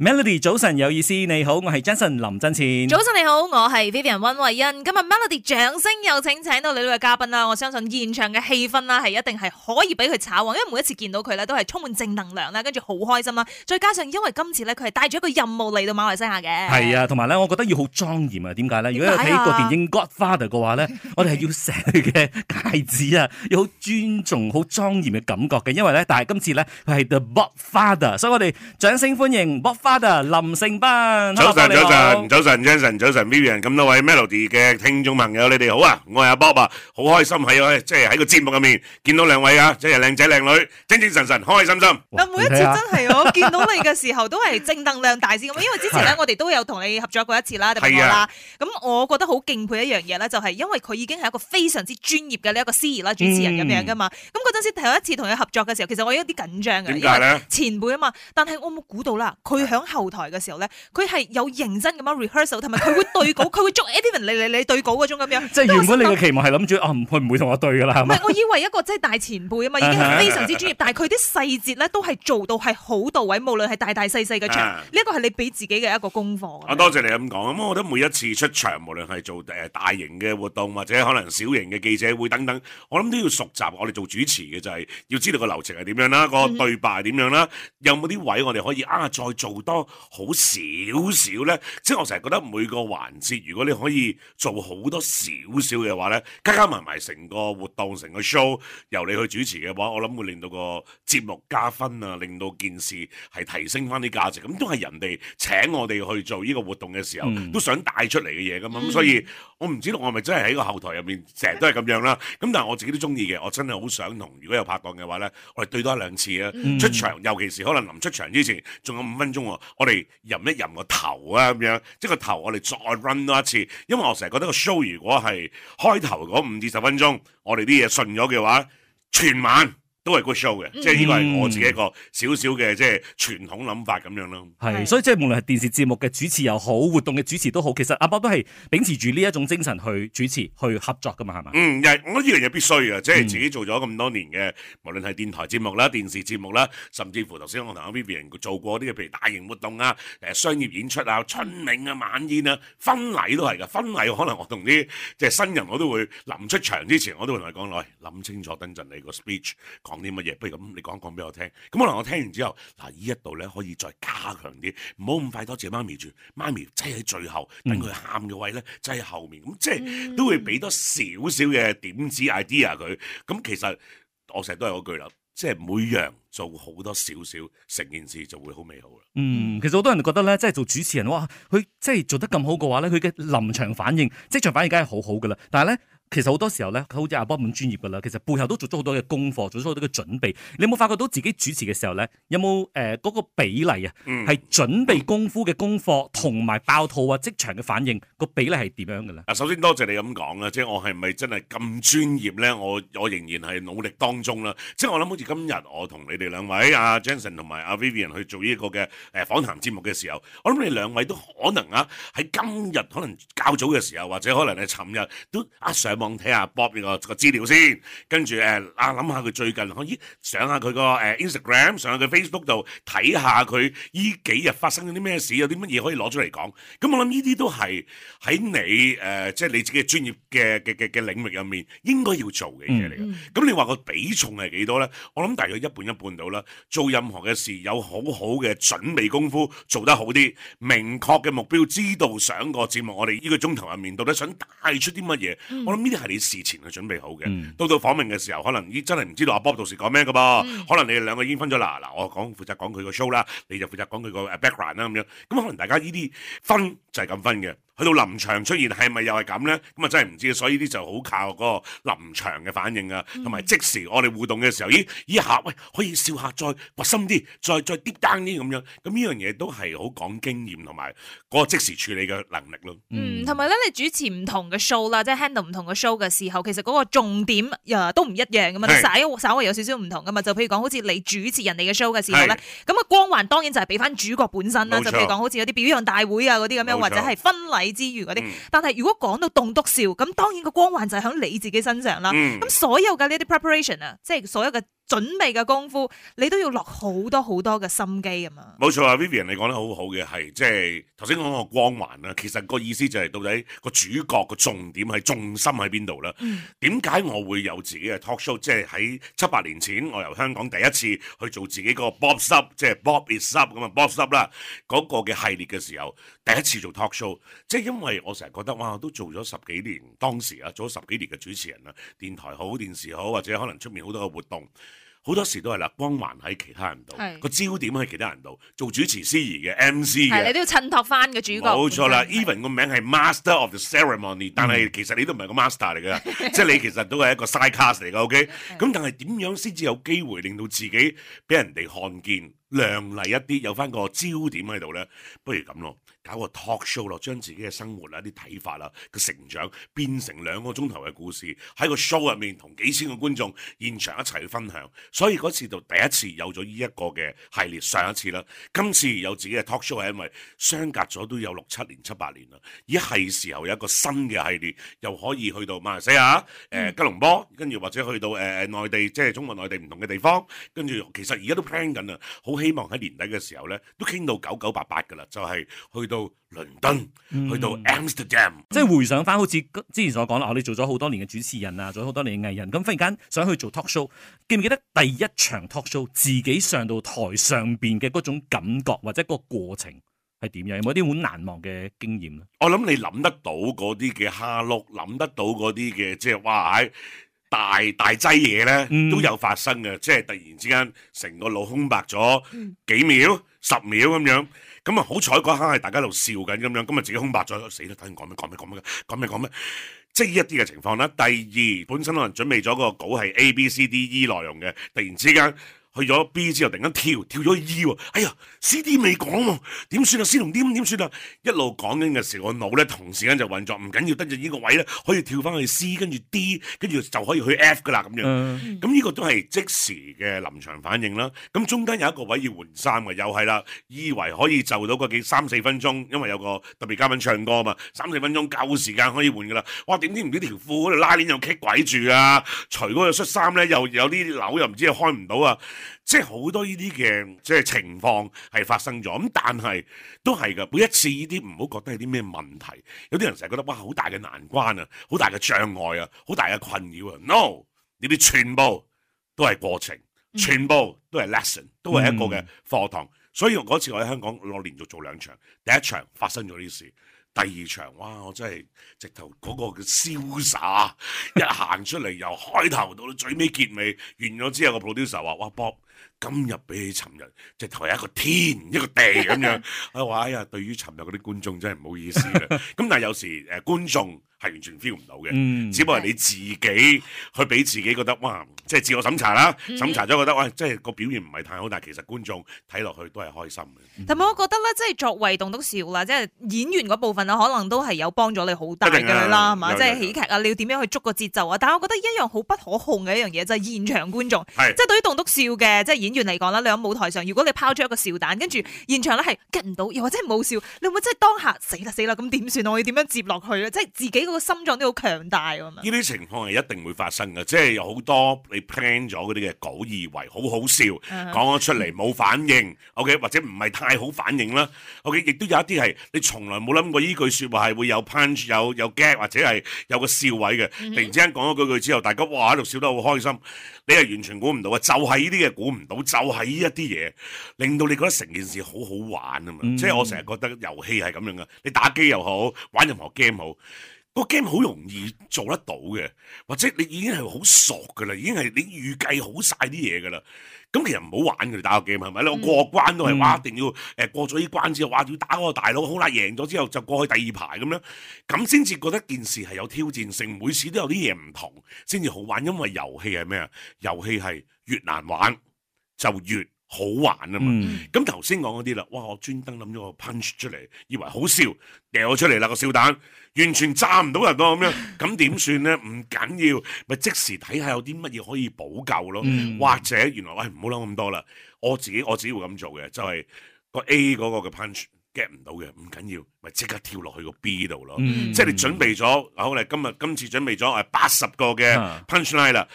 Melody 早晨有意思，你好，我係 Jason 林振前。早晨，你好，我係 Vivian 溫慧欣。今日 Melody 掌聲有請請到你呢位嘉賓啦，我相信現場嘅氣氛啦係一定係可以俾佢炒旺，因為每一次見到佢咧都係充滿正能量啦，跟住好開心啦。再加上因為今次咧佢係帶住一個任務嚟到馬來西亞嘅，係啊，同埋咧我覺得要好莊嚴啊，點解咧？如果睇一部電影 Godfather 嘅話咧， 我哋係要錫佢嘅戒指啊，要好尊重、好莊嚴嘅感覺嘅，因為咧但係今次咧佢係 The Bob Father，所以我哋掌聲歡迎林盛斌，早晨，早晨，早晨，Jason，早晨，Vivian，咁多位 Melody 嘅聽眾朋友，你哋好啊！我係阿 Bob 啊，好開心喺，即係喺個節目入面見到兩位啊，即係靚仔靚女，精精神神，開心心。啊，每一次真係 我見到你嘅時候都係正能量大使咁，因為之前咧 我哋都有同你合作過一次啦，係啊，咁我覺得好敬佩一樣嘢咧，就係、是、因為佢已經係一個非常之專業嘅呢一個司儀啦、主持人咁樣噶嘛。咁嗰陣時頭一次同佢合作嘅時候，其實我有啲緊張嘅，點解咧？前輩啊嘛，但係我冇估到啦，佢響。講後台嘅時候咧，佢係有認真咁樣 rehearsal，同埋佢會對稿，佢 會捉 Evan 你你你對稿嗰種咁樣。即係 原本你嘅期望係諗住啊，佢唔會同我對噶啦，係咪？唔係，我以為一個即係大前輩啊嘛，已經非常之專業， 但係佢啲細節咧都係做到係好到位，無論係大大細細嘅場，呢一個係你俾自己嘅一個功課。啊， 多謝你咁講。咁我覺得每一次出場，無論係做誒大型嘅活動或者可能小型嘅記者會等等，我諗都要熟習。我哋做主持嘅就係要知道個流程係點樣啦，個對白係點樣啦， 有冇啲位我哋可以啊再做多好少少咧，即係我成日覺得每個環節，如果你可以做好多少少嘅話咧，加加埋埋成個活動成個 show 由你去主持嘅話，我諗會令到個節目加分啊，令到件事係提升翻啲價值。咁都係人哋請我哋去做呢個活動嘅時候，嗯、都想帶出嚟嘅嘢噶嘛。咁、嗯、所以，我唔知道我係咪真係喺個後台入面成日都係咁樣啦。咁但係我自己都中意嘅，我真係好想同，如果有拍檔嘅話咧，我哋對多一兩次啊。嗯、出場，尤其是可能臨出場之前仲有五分鐘喎、哦。我哋吟一吟個頭啊，咁樣，即係個頭我哋再 run 多一次，因為我成日覺得個 show 如果係開頭嗰五至十分鐘，我哋啲嘢順咗嘅話，全晚。都係 good show 嘅，嗯、即係呢個係我自己一個少少嘅即係傳統諗法咁樣咯。係是，的所以即係無論係電視節目嘅主持又好，活動嘅主持都好，其實阿 Bob 都係秉持住呢一種精神去主持去合作噶嘛，係嘛？嗯，我呢樣嘢，必須嘅，即係自己做咗咁多年嘅，無論係電台節目啦、電視節目啦，甚至乎頭先我同阿 Vivian 佢做過啲嘅，譬如大型活動啊、誒商業演出啊、春茗啊、晚宴啊、婚禮都係噶，婚禮可能我同啲即係新人，我都會臨出場之前，我都會同佢講，我諗清楚等陣你個 speech。講啲乜嘢？不如咁，你講講俾我聽。咁可能我聽完之後，嗱呢一度咧可以再加強啲，唔好咁快多謝媽咪住。媽咪即喺最後，等佢喊嘅位咧，即喺後面，咁、嗯、即係都會俾多少少嘅點子 idea 佢。咁其實我成日都係嗰句啦，即係每樣做好多少少，成件事就會好美好啦。嗯，其實好多人覺得咧，即係做主持人，哇，佢即係做得咁好嘅話咧，佢嘅臨場反應、即場反應梗係好好噶啦。但係咧，其實好多時候咧，佢好似阿波咁專業噶啦，其實背後都做咗好多嘅功課，做咗好多嘅準備。你有冇發覺到自己主持嘅時候咧，有冇誒嗰個比例啊？係準備功夫嘅功課同埋爆肚啊，即場嘅反應、嗰個比例係點樣嘅咧？啊，首先多謝你咁講啦，即係我係咪真係咁專業咧？我我仍然係努力當中啦。即係我諗，好似今日我同你哋兩位阿 Jason 同埋阿 Vivian 去做呢個嘅誒訪談節目嘅時候，我諗你兩位都可能啊喺今日可能較早嘅時候，或者可能係尋日都阿、啊、Sir 望睇下 Bob 呢個個資料先，跟住誒啊諗下佢最近可以上下佢個誒 Instagram，上下佢 Facebook 度睇下佢依幾日發生咗啲咩事，有啲乜嘢可以攞出嚟講。咁我諗呢啲都係喺你誒，即、呃、係、就係、你自己嘅專業嘅嘅嘅嘅領域入面應該要做嘅嘢嚟嘅。咁、嗯、你話個比重係幾多咧？我諗大約一半一半到啦。做任何嘅事有好好嘅準備功夫做得好啲，明確嘅目標，知道上個節目我哋呢個鐘頭入面到底想帶出啲乜嘢。嗯、我諗。呢啲係你事前去準備好嘅。嗯、到到訪問嘅時候，可能依真係唔知道阿 b 波到時講咩嘅噃，嗯、可能你哋兩個已經分咗啦。嗱，我講負責講佢個 show 啦，你就負責講佢個 background 啦咁樣，咁可能大家呢啲分就係、是、咁分嘅。去到臨場出現係咪又係咁咧？咁啊真係唔知，所以啲就好靠嗰個臨場嘅反應啊，同埋、嗯、即時我哋互動嘅時候，咦？以下、啊、喂可以笑下再話深啲，再再啲 down 啲咁樣，咁呢樣嘢都係好講經驗同埋嗰個即時處理嘅能力咯。嗯，同埋咧，你主持唔同嘅 show 啦，即係 handle 唔同嘅 show 嘅時候，其實嗰個重點啊都唔一樣噶嘛，稍是 稍微有少少唔同噶嘛。就譬如講，好似你主持人哋嘅 show 嘅時候咧，咁嘅是 光環當然就係俾翻主角本身啦。沒錯 就譬如講，好似有啲表揚大會啊嗰啲咁樣，沒錯 或者係婚禮。之餘啲，嗯、但係如果講到棟篤笑，咁當然個光環就喺你自己身上啦。咁、嗯、所有嘅呢啲 preparation 啊，即係所有嘅準備嘅功夫，你都要落好多好多嘅心機咁啊。冇錯啊，Vivian 你講得好好嘅，係即係頭先講個光環啊，其實個意思就係、是、到底個主角個重點係重心喺邊度啦？點解、嗯、我會有自己嘅 talk show？即係喺七八年前，我由香港第一次去做自己個 Bob 叔，即係 Bob is u 叔咁啊 Bob 叔啦，講個嘅系列嘅時候。第一次做 talk show，即係因為我成日覺得哇，我都做咗十幾年，當時啊，做咗十幾年嘅主持人啦，電台好，電視好，或者可能出面好多嘅活動，好多時都係啦，光環喺其他人度，個是焦點喺其他人度。做主持司儀嘅 MC 嘅的，你都要襯托翻個主角。冇錯啦，even 個名係 Master of the Ceremony，嗯、但係其實你都唔係個 master 嚟㗎， 即係你其實都係一個 side cast 嚟㗎。OK，咁 但係點樣先至有機會令到自己俾人哋看見亮麗一啲，有翻個焦點喺度咧？不如咁咯。搞個 talk show 咯，將自己嘅生活啊、啲睇法啦、個成長變成兩個鐘頭嘅故事，喺個 show 入面同幾千個觀眾現場一齊去分享。所以嗰次就第一次有咗呢一個嘅系列，上一次啦。今次有自己嘅 talk show 係因為相隔咗都有六七年、七八年啦，而係時候有一個新嘅系列，又可以去到馬來西亞、誒、呃、吉隆坡，跟住或者去到誒誒內地，即係中國內地唔同嘅地方。跟住其實而家都 plan 緊啦，好希望喺年底嘅時候呢，都傾到九九八八㗎啦，就係、是、去，到倫敦，去到 Amsterdam、嗯、即係回想翻，好似之前所講啦。我、哦、哋做咗好多年嘅主持人啊，做咗好多年嘅藝人，咁忽然間想去做 talk show，記唔記得第一場 talk show 自己上到台上邊嘅嗰種感覺或者個過程係點樣？有冇啲好難忘嘅經驗咧？我諗你諗得到嗰啲嘅蝦碌，諗得到嗰啲嘅，即係哇大大劑嘢咧，都有發生嘅。嗯、即係突然之間成個腦空白咗幾秒、嗯、十秒咁樣。咁啊，好彩嗰刻係大家喺度笑緊咁樣，咁啊自己空白咗，死啦，睇佢講咩講咩講咩嘅，講咩講咩，即係一啲嘅情況啦。第二，本身可能準備咗個稿係 A B C D E 內容嘅，突然之間。去咗 B 之後，突然間跳跳咗 E 喎，哎，哎呀，C、D 未講喎，點算啊？C 同 D 點算啊？一路講緊嘅時候，我腦咧同時間就運作，唔緊要，跟住呢個位咧可以跳翻去 C，跟住 D，跟住就可以去 F 噶啦咁樣。咁呢，嗯、個都係即時嘅臨場反應啦。咁中間有一個位要換衫嘅，又係啦。以為可以就到個幾三四分鐘，因為有個特別嘉賓唱歌啊嘛，三四分鐘夠時間可以換噶啦。哇，點知唔知條褲喺度拉鏈又棘鬼住啊？除嗰個恤衫咧，又有啲鈕又唔知又開唔到啊？即係好多呢啲嘅即係情況係發生咗，咁但係都係㗎。每一次呢啲唔好覺得係啲咩問題，有啲人成日覺得哇好大嘅難關啊，好大嘅障礙啊，好大嘅困擾啊。No，你哋全部都係過程，全部都係 lesson，都係一個嘅課堂。嗯，所以我嗰次我喺香港我連續做兩場，第一場發生咗呢啲事。第二場哇！我真係直頭嗰個叫瀟灑， 一行出嚟，由開頭到到最尾結尾完咗之後，個 producer 話，哇，Bob！今日比起尋日，即係台一個天一個地咁樣，我話哎呀，對於尋日嗰啲觀眾真係唔好意思嘅。咁但係有時誒觀眾係完全 feel 唔到嘅，只不過係你自己去俾自己覺得哇，即係自我審查啦，審查咗覺得喂，即係個表現唔係太好，但係其實觀眾睇落去都係開心嘅。同埋我覺得咧，即係作為棟篤笑啦，即係演員嗰部分啊，可能都係有幫咗你好大嘅啦，係嘛？即係喜劇啊，你要點樣去捉個節奏啊？但係我覺得一樣好不可控嘅一樣嘢就係現場觀眾，即係對於棟篤笑嘅即係演演員嚟講啦，你喺舞台上，如果你拋出一個笑彈，跟住現場咧係 get 唔到，又或者冇笑，你會唔會真係當下死啦死啦？咁點算？我要點樣接落去咧？即係自己嗰個心臟都好強大噶嘛？呢啲情況係一定會發生噶，即係有好多你 plan 咗嗰啲嘅，稿以為好好笑，講咗出嚟冇反應，ok，或者唔係太好反應啦，ok，亦都有一啲係你從來冇諗過呢句說話係會有 punch、有有 get 或者係有個笑位嘅，突然之間講咗句句之後，大家哇喺度笑得好開心，你係完全估唔到啊！就係呢啲嘢估唔到。就係呢一啲嘢，令到你覺得成件事好好玩啊嘛。嗯、即係我成日覺得遊戲係咁樣嘅，你打機又好，玩任何 game 好，個 game 好容易做得到嘅，或者你已經係好熟嘅啦，已經係你預計好晒啲嘢嘅啦。咁其實唔好玩嘅你打個 game 係咪你我過關都係話，一定要誒過咗呢關之後，話要打嗰個大佬好啦，贏咗之後就過去第二排咁樣，咁先至覺得件事係有挑戰性，每次都有啲嘢唔同先至好玩。因為遊戲係咩啊？遊戲係越難玩。就越好玩啊嘛！咁頭先講嗰啲啦，哇！我專登諗咗個 punch 出嚟，以為好笑，掉咗出嚟啦個笑彈，完全炸唔到人咯咁樣，咁點算咧？唔緊要，咪即時睇下有啲乜嘢可以補救咯，或者原來喂唔好諗咁多啦，我自己我自己會咁做嘅，就係個 A 嗰個嘅 punch get 唔到嘅，唔緊要，咪即刻跳落去個 B 度咯，即係你準備咗，好你今日今次準備咗誒八十個嘅 punch line 啦。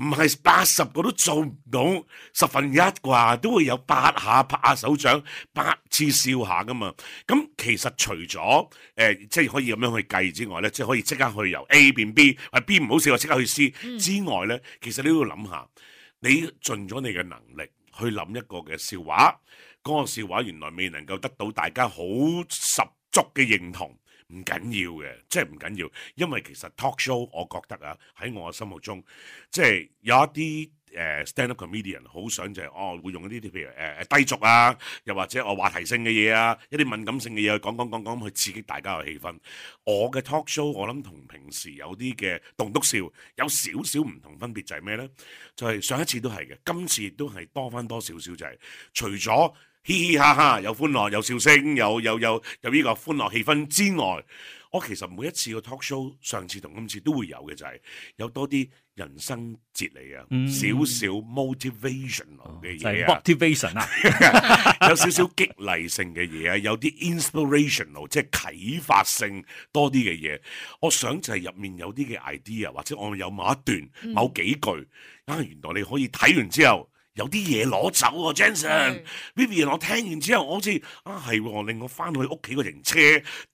唔係八十個都做唔到十分一啩，都會有八下拍下手掌，八次笑下噶嘛。咁其實除咗誒、呃，即係可以咁樣去計之外咧，即係可以即刻去由 A 變 B，或 B 唔好笑，即刻去 C 之外咧，嗯、其實你都要諗下，你盡咗你嘅能力去諗一個嘅笑話，嗰、嗰個笑話原來未能夠得到大家好十足嘅認同。唔緊要嘅，即係唔緊要，因為其實 talk show 我覺得啊，喺我心目中，即係有一啲誒、呃、stand up comedian 好想就係、是、哦，會用一啲啲譬如誒、呃、低俗啊，又或者我話題性嘅嘢啊，一啲敏感性嘅嘢講講講講去刺激大家嘅氣氛。我嘅 talk show 我諗同平時有啲嘅棟篤笑有少少唔同分別就係咩呢？就係、是、上一次都係嘅，今次都係多翻多少少就係、是、除咗。嘻嘻哈哈，有歡樂，有笑聲，有有有有呢個歡樂氣氛之外，我其實每一次嘅 talk show，上次同今次都會有嘅就係、是、有多啲人生哲理啊，少少 motivational 嘅嘢啊，motivation 啊，有少少激勵性嘅嘢啊，有啲 inspiration 即係啟發性多啲嘅嘢。我想就係入面有啲嘅 idea，或者我有某一段、某幾句、嗯、啊，原來你可以睇完之後。有啲嘢攞走喎，啊，Jason，Vivian，的我聽完之後，我好似啊係，令我翻去屋企個停車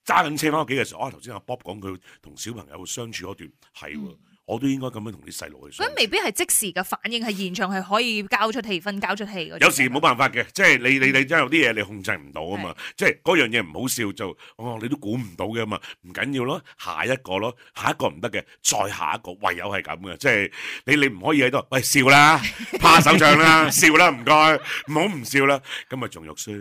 揸緊車翻屋企嘅時候，啊，頭先阿 Bob 講佢同小朋友相處嗰段係。我都應該咁樣同啲細路去。所以未必係即時嘅反應，係現場係可以交出氣氛、交出氣嘅。有時冇辦法嘅，即係你你你真有啲嘢你控制唔到啊嘛，即係嗰樣嘢唔好笑就哦，你都估唔到嘅嘛，唔緊要咯，下一個咯，下一個唔得嘅，再下一個，唯有係咁嘅，即係你你唔可以喺度喂，笑啦，拍手掌啦，笑啦，唔該，唔好唔笑啦，咁咪仲肉酸。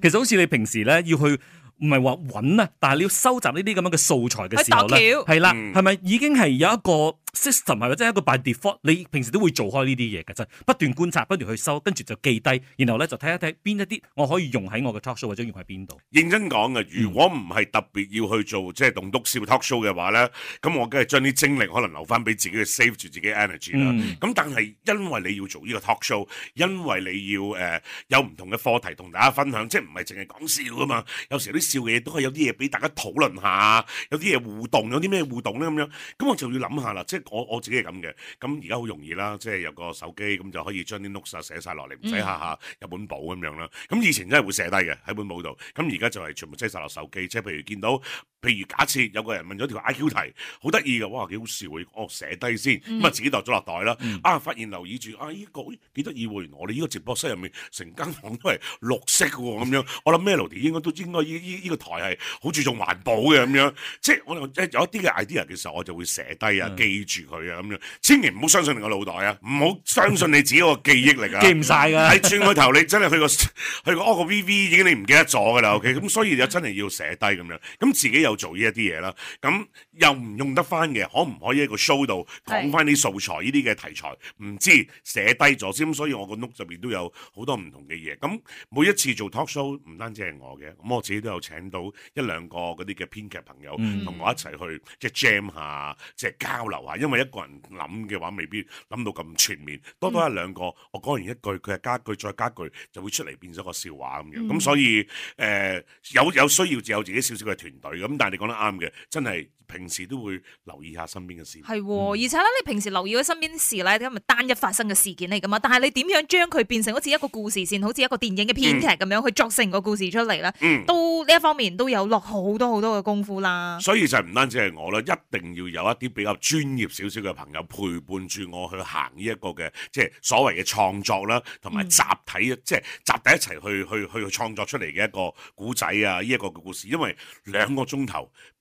其實好似你平時咧要去。唔係話揾啊，但係你要收集呢啲咁樣嘅素材嘅時候咧，係啦，係咪已經，係有一個？system 係或者一個 by default，你平時都會做開呢啲嘢嘅，就不斷觀察，不斷去收，跟住就記低，然後咧就睇一睇邊一啲我可以用喺我嘅 talk show，或者用喺邊度。認真講嘅，如果唔係特別要去做即係棟篤笑 talk show 嘅話咧，咁我梗係將啲精力可能留翻俾自己去 save 住自己 energy 啦。咁、嗯、但係因為你要做呢個 talk show，因為你要誒、呃、有唔同嘅課題同大家分享，即係唔係淨係講笑㗎嘛？有時啲笑嘅嘢都係有啲嘢俾大家討論下，有啲嘢互動，有啲咩互動咧咁樣，咁我就要諗下啦，即我我自己係咁嘅，咁而家好容易啦，即係有個手機咁就可以將啲 note 寫晒落嚟，唔使下下有本簿咁樣啦。咁以前真係會寫低嘅喺本簿度，咁而家就係全部擠晒落手機，即係譬如見到。譬如假設有個人問咗條 I.Q 題，好得意嘅，哇幾好笑嘅，哦寫低先，咁啊自己袋咗落袋啦，嗯、啊發現留意住啊依、依個幾得意喎，原來我哋呢個直播室入面成間房都係綠色喎，咁樣我諗 Melody 應該都應該呢依依個台係好注重環保嘅咁樣。即係我有一啲嘅 idea 嘅時候，我就會寫低啊記住佢啊咁樣，千祈唔好相信你個腦袋啊，唔好相信你自己個記憶力啊， 記唔曬㗎，轉個頭你真係去個 去個屙個 V.V 已經你唔記得咗㗎啦，OK，咁所以有真係要寫低咁樣，咁自己又。做呢一啲嘢啦，咁又唔用得翻嘅，可唔可以喺個 show 度講翻啲素材呢啲嘅題材？唔知寫低咗先，所以我個 note 入面都有好多唔同嘅嘢。咁每一次做 talk show 唔單止係我嘅，咁我自己都有請到一兩個嗰啲嘅編劇朋友同、嗯、我一齊去即係 jam 下，即係交流下。因為一個人諗嘅話未必諗到咁全面。多多一兩個，嗯、我講完一句，佢係加句，再加句，就會出嚟變咗個笑話，咁樣，咁、嗯、所以誒、呃、有有需要就有自己少少嘅團隊，咁。但你講得啱嘅，真係平時都會留意下身邊嘅事。係喎，嗯、而且咧，你平時留意佢身邊事咧，啲咁咪單一發生嘅事件嚟㗎嘛？但係你點樣將佢變成好似一個故事線，好似一個電影嘅編劇咁樣、嗯、去作成個故事出嚟咧？嗯、都呢一方面都有落好多好多嘅功夫啦。所以就唔單止係我啦，一定要有一啲比較專業少少嘅朋友陪伴住我去行呢一個嘅，即係所謂嘅創作啦，同埋集體即係集體一齊去去去、去創作出嚟嘅一個故仔啊，呢一個嘅故事，因為兩個鐘頭。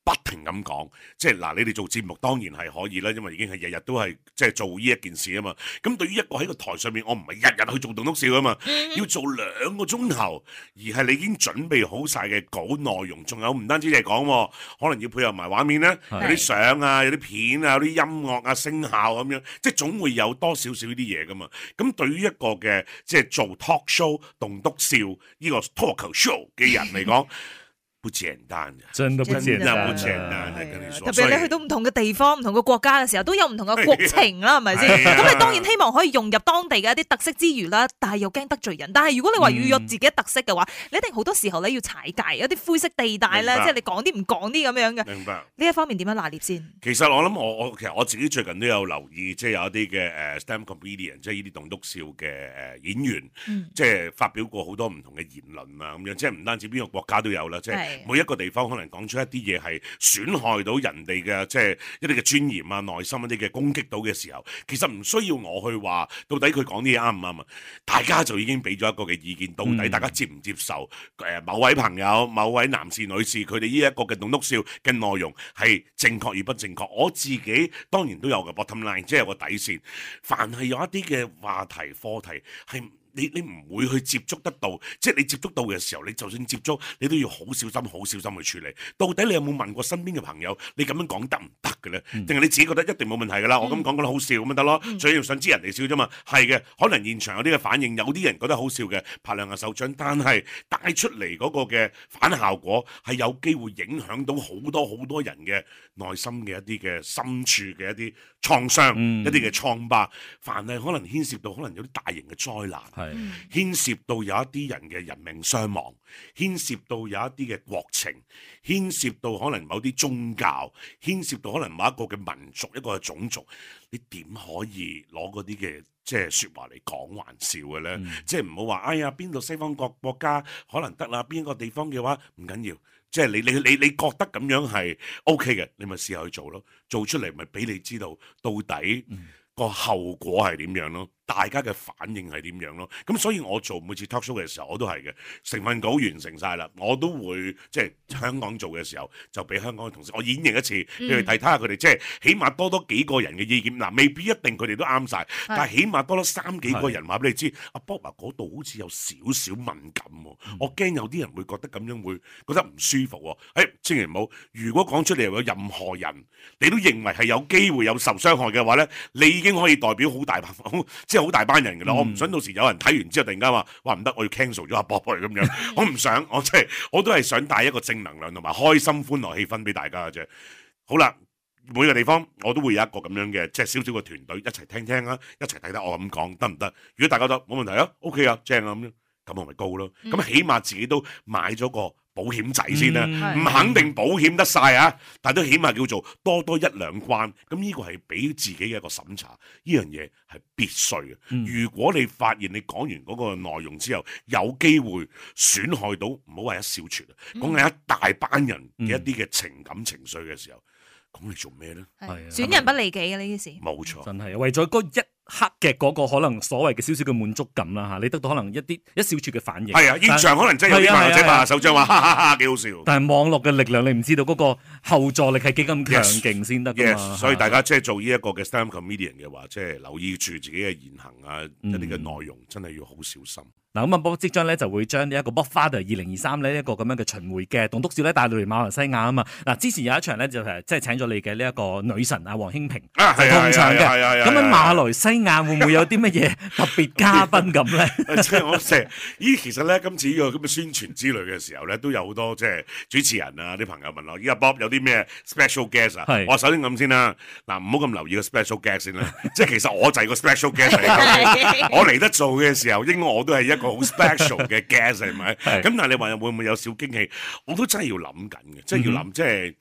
不停咁講，即係嗱，你哋做節目當然係可以啦，因為已經係日日都係即係做呢一件事啊嘛。咁對於一個喺個台上面，我唔係日日去做棟篤笑啊嘛，要做兩個鐘頭，而係你已經準備好晒嘅稿內容，仲有唔單止你講喎，可能要配合埋畫面啦，有啲相啊，有啲片啊，有啲音樂啊，聲效咁樣，即係總會有多少少呢啲嘢噶嘛。咁對於一個嘅即係做 talk show 棟篤笑呢個 talk show 嘅人嚟講。 好簡單，真都唔簡單。好簡單嘅，跟你說，特別你去到唔同嘅地方、唔同嘅國家嘅時候，都有唔同嘅國情啦，係咪先？咁你當然希望可以融入當地嘅一啲特色之餘啦，但係又驚得罪人。但係如果你話要約自己特色嘅話，你一定好多時候咧要踩界，一啲灰色地帶咧，即係你講啲唔講啲咁樣嘅。明白呢一方面點樣拿捏先？其實我諗我我其實我自己最近都有留意，即係有一啲嘅誒，stand comedian，即係呢啲棟篤笑嘅誒演員，即係發表過好多唔同嘅言論啊，咁樣，即係唔單止邊個國家都有啦，即係。每一個地方可能講出一啲嘢係損害到人哋嘅，即係一啲嘅尊嚴啊、內心一啲嘅攻擊到嘅時候，其實唔需要我去話到底佢講啲嘢啱唔啱啊？大家就已經俾咗一個嘅意見，到底大家接唔接受？誒，某位朋友、某位男士、女士，佢哋呢一個嘅棟篤笑嘅內容係正確與不正確？我自己當然都有個 bottom line，即係有個底線，凡係有一啲嘅話題課題係。你你唔會去接觸得到，即係你接觸到嘅時候，你就算接觸，你都要好小心、好小心去處理。到底你有冇問過身邊嘅朋友？你咁樣講得唔得嘅咧？定係、嗯、你自己覺得一定冇問題㗎啦？嗯、我咁講覺得好笑咁咪得咯？所以要、嗯、想知人哋笑啫嘛。係嘅，可能現場有啲嘅反應，有啲人覺得好笑嘅，拍兩下手掌，但係帶出嚟嗰個嘅反效果係有機會影響到好多好多人嘅內心嘅一啲嘅深處嘅一啲創傷、嗯、一啲嘅創疤，凡係可能牽涉到可能有啲大型嘅災難。嗯、牽涉到有一啲人嘅人命傷亡，牽涉到有一啲嘅國情，牽涉到可能某啲宗教，牽涉到可能某一個嘅民族，一個，一個嘅種族，你點可以攞嗰啲嘅即係說話嚟講玩笑嘅咧？嗯、即係唔好話哎呀邊度西方國國家可能得啦，邊個地方嘅話唔緊要，即係、即係、你你你你覺得咁樣係 OK 嘅，你咪試下去做咯，做出嚟咪俾你知道到底個後果係點樣咯。大家嘅反應係點樣咯？咁所以我做每次 talk show 嘅時候，我都係嘅，成分稿完成晒啦，我都會即係香港做嘅時候，就俾香港嘅同事我演繹一次，你去睇睇下佢哋即係起碼多多幾個人嘅意見嗱、呃，未必一定佢哋都啱晒，是但係起碼多多三幾個人話俾你知，阿是、啊、Bob 啊嗰度好似有少少敏感喎、哦，嗯、我驚有啲人會覺得咁樣會覺得唔舒服喎、哦。誒，千祈唔好，如果講出嚟又有任何人你都認為係有機會有受傷害嘅話咧，你已經可以代表好大朋。即係好大班人㗎啦，嗯、我唔想到時有人睇完之後突然間話話唔得，我要 cancel 咗阿 Bob 嚟咁樣， 我唔想，我即係我都係想帶一個正能量同埋開心歡樂氣氛俾大家啫。好啦，每個地方我都會有一個咁樣嘅即係小小嘅團隊一齊聽聽啊，一齊睇睇我咁講得唔得？如果大家都冇問題啊，OK 啊，正啊，咁樣，咁我咪高咯。咁起碼自己都買咗個保險仔先啦、啊，唔、嗯、肯定保險得晒啊，但係都起碼叫做多多一兩關。咁呢個係俾自己嘅一個審查，呢樣嘢係必須嘅。嗯、如果你發現你講完嗰個內容之後，有機會損害到唔好話一小撮、啊，講緊、嗯、一大班人嘅一啲嘅情感情緒嘅時候，講、嗯、你做咩咧？損人不利己嘅呢啲事，冇錯，真係為咗嗰一黑嘅嗰個可能所謂嘅少少嘅滿足感啦吓、啊，你得到可能一啲一小撮嘅反應。係啊，是現場可能真係有啲、啊啊啊、或者吧，手掌啊，哈哈哈，幾好笑。但係網絡嘅力量，你唔知道嗰個後座力係幾咁強勁先得嘅。Yes, yes, 啊、所以大家即係做呢一個嘅 stand comedian 嘅話，即、就、係、是、留意住自己嘅言行、嗯、啊，一啲嘅內容真係要好小心。嗱咁啊，Bob 即將咧就會將呢一個 Bob Father 二零二三咧一個咁樣嘅巡迴嘅棟篤笑咧帶到嚟馬來西亞啊嘛。嗱，之前有一場咧就係即係請咗你嘅呢一個女神啊黃興平啊，係捧場嘅。咁啊馬來西亞會唔會有啲乜嘢特別嘉賓咁咧？我成咦，其實咧今次呢個咁嘅宣傳之類嘅時候咧，都有好多即係主持人啊啲朋友問我，依家 Bob 有啲咩 special guest 啊？我首先咁先啦，嗱唔好咁留意個 special guest 先啦。即係其實我就係個 special guest 嚟嘅，我嚟得做嘅時候，應該我都係一。個好 special 嘅 guest 係，係咪？咁是但係你話會唔會有小驚喜？我都真係要諗緊嘅，即係要諗，即係、嗯。就是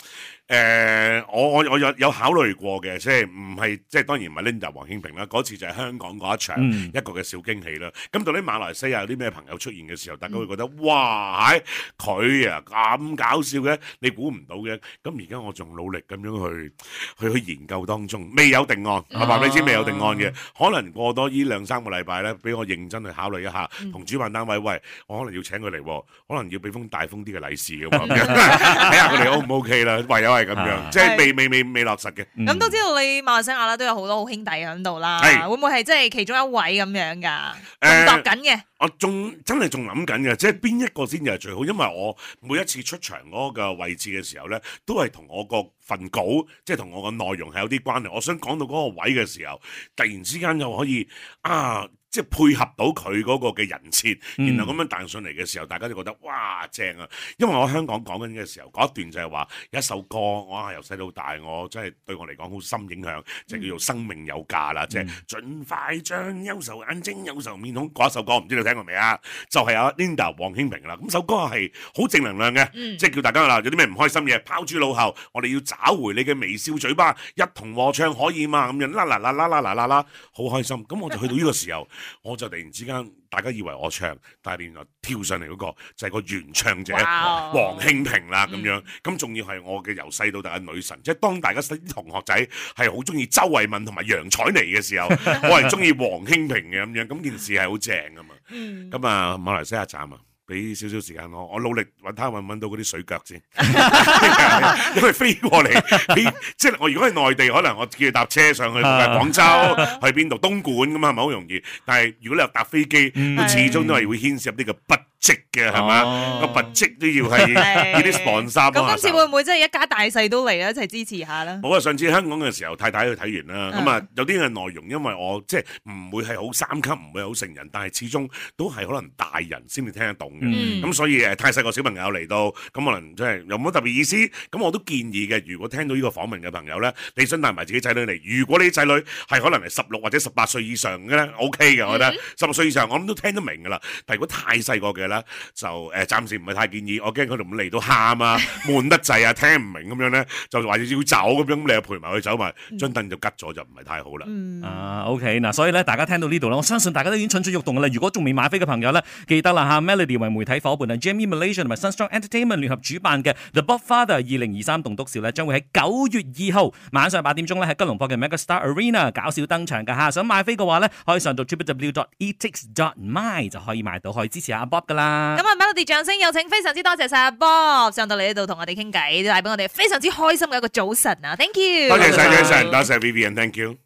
誒，我我我有有考慮過嘅，即係唔係即係當然唔係 Linda 黃興平啦，嗰次就係香港嗰一場一個嘅小驚喜啦。咁到咧馬來西亞有啲咩朋友出現嘅時候，大家會覺得哇，係佢啊咁搞笑嘅，你估唔到嘅。咁而家我仲努力咁樣去去去研究當中，未有定案，我話你知未有定案嘅，可能過多呢兩三個禮拜咧，俾我認真去考慮一下，同主辦單位，喂，我可能要請佢嚟，可能要俾封大封啲嘅利是嘅，睇下佢哋 O 唔 OK 啦，唯有。咁樣，啊、即係未是未未未，未落實嘅。咁、嗯、都知道你馬來西亞啦，都有好多好兄弟響度啦。係是會唔會係即係其中一位咁樣噶？仲、呃、度緊嘅。我仲真係仲諗緊嘅，即係邊一個先至係最好？因為我每一次出場嗰個位置嘅時候咧，都係同我個份稿，即係同我個內容有係有啲關聯。我想講到嗰個位嘅時候，突然之間又可以啊！即係配合到佢嗰個嘅人設，然後咁樣彈上嚟嘅時候，大家就覺得哇正啊！因為我香港講緊嘅時候，嗰一段就係話有一首歌，我係由細到大，我真係對我嚟講好深影響，就叫做《生命有價》啦，即係盡快將憂愁眼睛、憂愁面孔。嗰首歌，唔知你聽過未啊？就係阿 Linda 黃興平啦。咁首歌係好正能量嘅，即係叫大家嗱，有啲咩唔開心嘅嘢，拋諸腦後，我哋要找回你嘅微笑嘴巴，一同和唱可以嘛？咁樣啦啦啦啦啦啦啦啦，好開心。咁我就去到呢個時候。我就突然之間，大家以為我唱，但係原來跳上嚟嗰、那個就係、是、個原唱者王馨 Wow. 平啦，咁樣，咁仲要係我嘅由細到大嘅女神，即係 當大家啲同學仔係好中意周慧敏同埋楊采妮嘅時候， 我係中意王馨平嘅。咁樣，咁件事係好正啊嘛，咁 啊馬來西亞站啊。俾少少時間我，我努力揾他揾唔揾到嗰啲水腳先， 因為飛過嚟，即係我如果係內地，可能我叫你搭車上去，唔係 廣州 去邊度，東莞咁啊，係咪好容易。但係如果你又搭飛機，都、嗯、始終都係會牽涉呢個不，積嘅係嘛個白積都要係呢啲 sponsor 咁今次會唔會真係一家大細都嚟啦一齊支持下啦？啊，上次香港嘅時候太太去睇完啦，咁啊、嗯、有啲嘅內容因為我即係唔會係好三級唔會好成人，但係始終都係可能大人先至聽得懂嘅，咁、嗯、所以誒太細個小朋友嚟到咁可能即、就、係、是、有冇特別意思？咁我都建議嘅，如果聽到呢個訪問嘅朋友咧，你想帶埋自己仔女嚟，如果你仔女係可能係十六或者十八歲以上嘅咧，OK 嘅，我覺得十六、嗯、歲以上我諗都聽得明噶啦，但如果太細個嘅咧。就誒暫時唔係太建議，我驚佢哋唔嚟到喊啊，悶得滯啊，聽唔明咁樣咧，就話要走咁樣，你又陪埋佢走埋，張凳就吉咗就唔係太好啦。啊、嗯 uh，OK，嗱，所以咧，大家聽到呢度咧，我相信大家都已經蠢蠢欲動啦。如果仲未買飛嘅朋友咧，記得啦嚇、啊、Melody 為媒體伙伴 Jamie Malaysia 同埋 Sunstrong Entertainment 聯合主辦嘅 The Bobfather 二零二三棟篤笑咧，將會喺九月二號晚上八點鐘咧喺吉隆坡嘅 Megastar Arena 搞笑登場嘅嚇、啊。想買飛嘅話咧，可以上到 www.etix.my 就可以買到，可以支持阿、啊、Bob 嘅啦。咁啊，Melody 掌聲有請非常之多謝晒阿 Bob 上到嚟呢度同我哋傾偈，帶俾我哋非常之開心嘅一個早晨啊！Thank you，多謝晒早晨，多謝，謝，謝 Vivian，Thank you。